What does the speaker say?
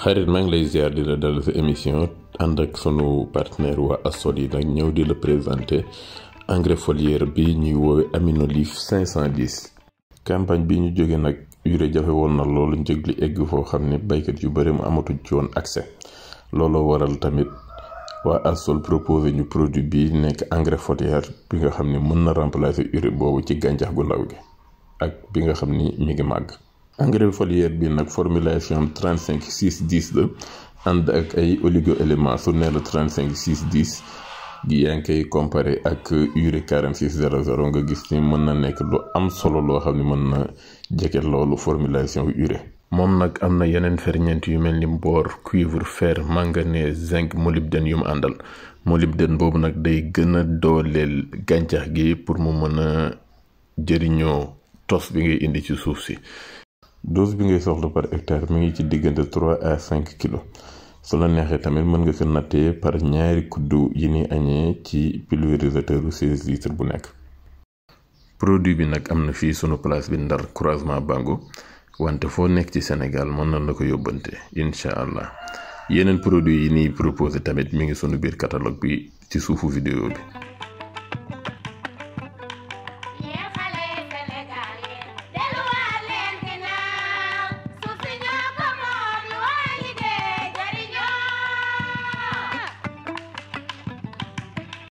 xarit maa ngi lay ziar di la dal sa émission ànd ak sunu partenaire waa ASSOD yi nag ñëw di la présenter engrais foliaire bi ñuy woowee Aminolif 510. campagne bi ñu jógee nag yure jafe woon na loolu njëg li egg foo xam ne baykat yu bëri mu amatuñ ci woon accès looloo waral tamit waa ASSOD proposé ñu produit bi nekk engrais foliaire bi nga xam ni mën na remplacer urée boobu ci gàncax gu ndaw gi ak bi nga xam ni mi ngi màgg. engrais foliaire bi nag formulation am 35 6 10 la ànd ak ay oligo éléments su nee la 35 6 10 gi yaa ngi koy comparé ak ure 46 00 nga gis ni mën na nekk lu am solo loo xam ne mën na jege loolu formulation urée. moom nag am na yeneen ferñeent yu mel ni boor cuivre fer manganèse zinc molybdène yu mu àndal molybdène boobu nag day gën a dooleel gàncax gi pour mu mën a jëriñoo tos bi ngay indi ci suuf si. dose bi ngay soxla par hectare mi ngi ci diggante trois à cinq kilos su la neexee tamit mën nga ko nattee par ñaari kuddu yi ni añee ci pulvérisateur u seize litres bu nekk produit bi nag am na fii sunu place bi ndar croisement bango wante foo nekk ci Sénégal mën na na ko yóbbante incha allah yeneen produit yi niy proposé tamit mi ngi sunu biir catalogue bi ci suufu vidéo bi